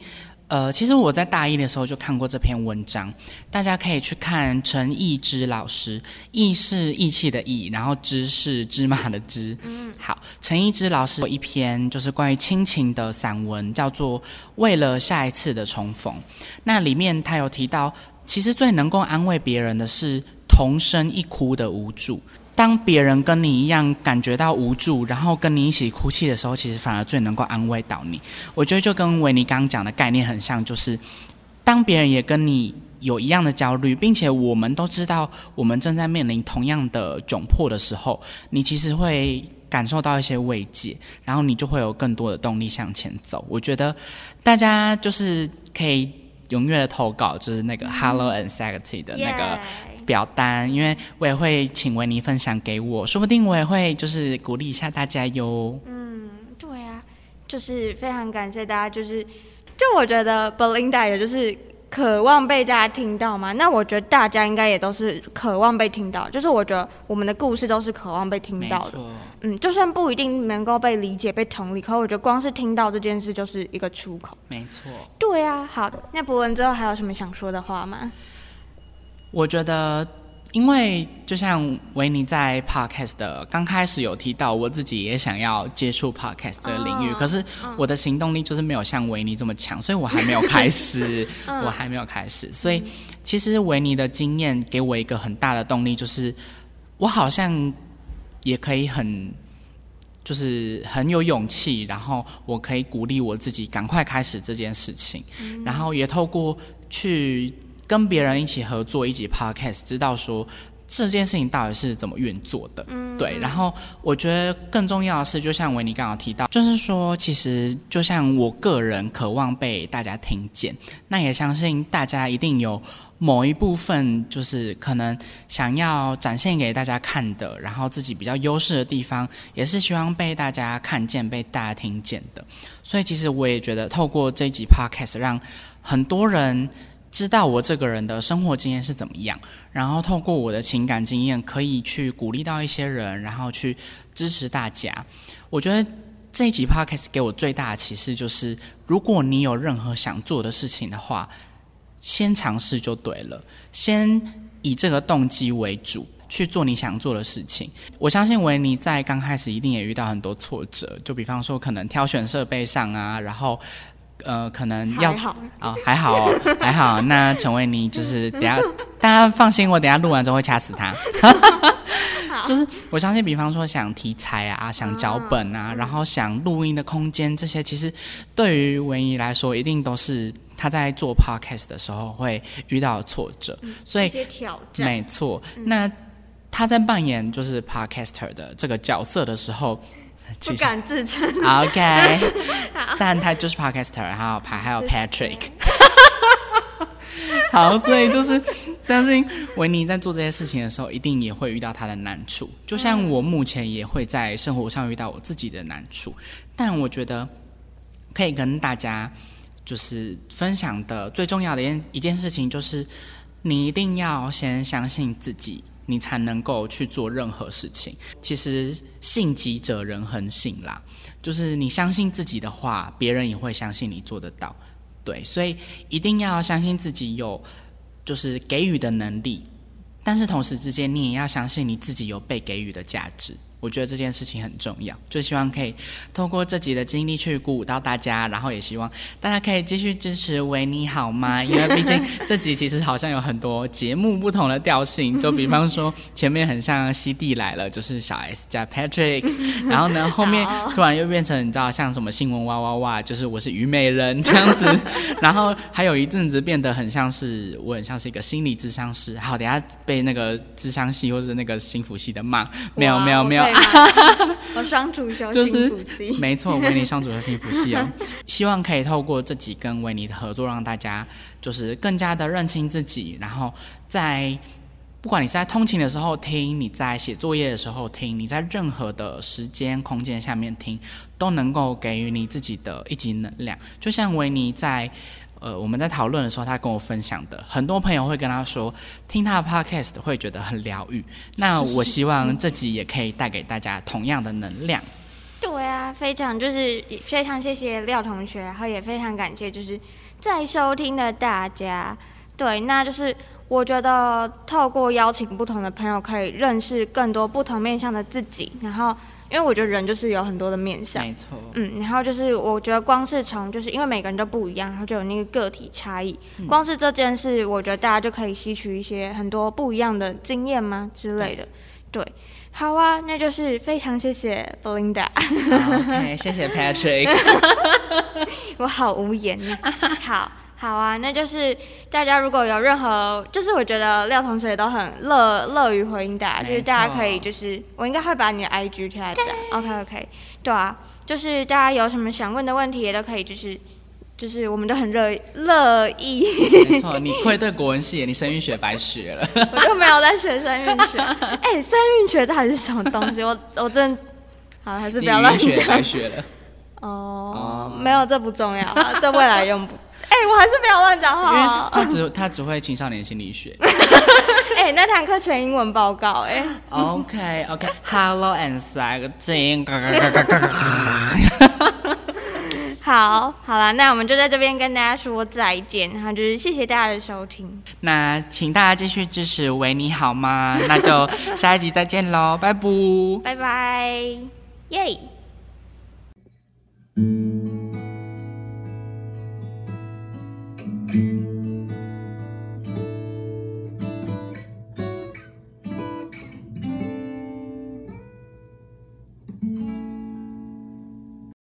呃，其實我在大一的時候就看過這篇文章，大家可以去看陳義芝老師，義是義氣的義，然後芝是芝麻的芝。嗯，好，陳義芝老師有一篇就是關於親情的散文，叫做《為了下一次的重逢》。那裡面他有提到，其實最能夠安慰別人的是同聲一哭的無助。當別人跟你一樣感覺到無助，然後跟你一起哭泣的時候，其實反而最能夠安慰到你。我覺得就跟維尼剛剛講的概念很像，就是當別人也跟你有一樣的焦慮，並且我們都知道我們正在面臨同樣的窘迫的時候，你其實會感受到一些慰藉，然後你就會有更多的動力向前走。我覺得大家就是可以踴躍的投稿，就是那個 Hello Anxiety 的那個。表單，因為我也會請維尼分享給我，說不定我也會就是鼓勵一下大家喲。嗯，對啊，就是非常感謝大家，就是就我覺得 Belinda 也就是渴望被大家聽到嘛，那我覺得大家應該也都是渴望被聽到，就是我覺得我們的故事都是渴望被聽到的。錯嗯，就算不一定能夠被理解、被同理，可我覺得光是聽到這件事就是一個出口。沒錯錯。對啊，好的。那博文之後還有什麼想說的話嗎？我覺得，因為就像維尼在 podcast 的剛開始有提到，我自己也想要接觸 podcast 這個領域，uh, 可是我的行動力就是沒有像維尼這麼強，所以我還沒有開始， uh, 我還沒有開始。所以其實維尼的經驗給我一個很大的動力，就是我好像也可以很，就是很有勇氣，然後我可以鼓勵我自己趕快開始這件事情，然後也透過去。跟別人一起合作，一集 Podcast，知道說這件事情到底是怎麼運作的，對。然後我覺得更重要的是，就像維尼剛剛提到，就是說，其實就像我個人渴望被大家聽見，那也相信大家一定有某一部分，就是可能想要展現給大家看的，然後自己比較優勢的地方，也是希望被大家看見、被大家聽見的。所以，其實我也覺得，透過這一集 Podcast，讓很多人。知道我這個人的生活經驗是怎麼樣，然後透過我的情感經驗可以去鼓勵到一些人，然後去支持大家。我覺得這一集 podcast 給我最大的啟示就是，如果你有任何想做的事情的話，先嘗試就對了，先以這個動機為主去做你想做的事情。我相信維尼在剛開始一定也遇到很多挫折，就比方說可能挑選設備上啊，然後。呃，可能要啊，還好，還好。那陳維尼就是等下，大家放心，我等下錄完之後會掐死他。 就是我相信，比方說想題材啊，想腳本啊，啊然後想錄音的空間這些，嗯、其實對於維尼來說，一定都是他在做 podcast 的時候會遇到挫折，嗯、所以沒錯。嗯、那他在扮演就是 podcaster 的這個角色的時候。不敢自稱。OK， 好但他就是 Podcaster， 好還有 Pat，還有 Patrick。 好，所以就是相信維尼在做這些事情的時候，一定也會遇到他的難處。就像我目前也會在生活上遇到我自己的難處，嗯、但我覺得可以跟大家就是分享的最重要的一件一件事情，就是你一定要先相信自己。你才能夠去做任何事情。其實，信己者人恆信啦，就是你相信自己的話，別人也會相信你做得到。對，所以一定要相信自己有，就是給予的能力。但是同時之間，你也要相信你自己有被給予的價值。我覺得這件事情很重要，就希望可以透過這集的經歷去鼓舞到大家，然後也希望大家可以繼續支持維尼，好嗎？因為畢竟這集其實好像有很多節目不同的調性，就比方說前面很像《C D 來了》，就是小 S 加 Patrick，然後呢後面突然又變成你知道像什麼新聞哇哇哇，就是我是於美人這樣子，然後還有一陣子變得很像是我很像是一個心理諮商師，好，等一下被那個諮商系或是那個心輔系的罵，沒有沒有沒有。沒有。哈哈，我雙主修幸福系，沒錯，維尼雙主修幸福系、哦、 希望可以透過自己跟維尼的合作，讓大家就是更加的認清自己，然後在不管你在通勤的時候聽，你在寫作業的時候聽，你在任何的時間空間下面聽，都能夠給予你自己的一級能量。就像維尼在。呃，我們在討論的時候，他跟我分享的，很多朋友會跟他說，聽他的 podcast 會覺得很療癒。那我希望這集也可以帶給大家同樣的能量。 對啊，非常就是非常謝謝廖同學，然後也非常感謝就是在收聽的大家。對，那就是我覺得透過邀請不同的朋友，可以認識更多不同面向的自己，然後。因為我覺得人就是有很多的面相，沒錯，嗯，然後就是我覺得光是從就是因為每個人都不一樣，然後就有那個個體差異。嗯、光是這件事，我覺得大家就可以吸取一些很多不一樣的經驗嘛之類的，對，對，好啊，那就是非常謝謝 Belinda，好、okay, 謝謝 Patrick， 我好無言呢， 好。好啊，那就是大家如果有任何，就是我覺得廖同學都很樂樂於回應大家、啊，錯就是大家可以就是，我應該會把你的 IG 貼在的，OK OK，對啊，就是大家有什麼想問的問題也都可以，就是就是我們都很樂樂意。意沒錯錯， 你愧對國文系，你聲韻學白學了。我就沒有在學聲韻學，哎、欸，聲韻學到底是什麼東西？我我真的好，還是不要亂講。聲韻學白學了。哦，oh, um, 沒有，這不重要、啊，這未來用不。 哎、欸，我還是不要亂講話。他只他只會青少年心理學。哎、 欸，那堂課全英文報告哎、欸。OK OK，Hello、okay. and sag s i g 哈 g 哈 g 好好了，那我們就在這邊跟大家說再見，然後就是謝謝大家的收聽。那請大家繼續支持維尼好嗎？ 那就下一集再見嘍，拜拜。拜拜，耶、yeah. 嗯。